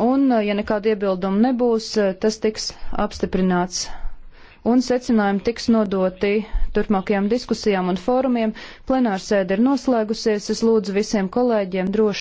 Un, eh, ja nekāda iebilduma nebūs, eh, tas tiks apstiprināts. Un secinājumi tiks nodoti turpmākajām diskusijām un fórumiem. Plenārsēde ir noslēgusies. Es lūdzu visiem kolēģiem droši.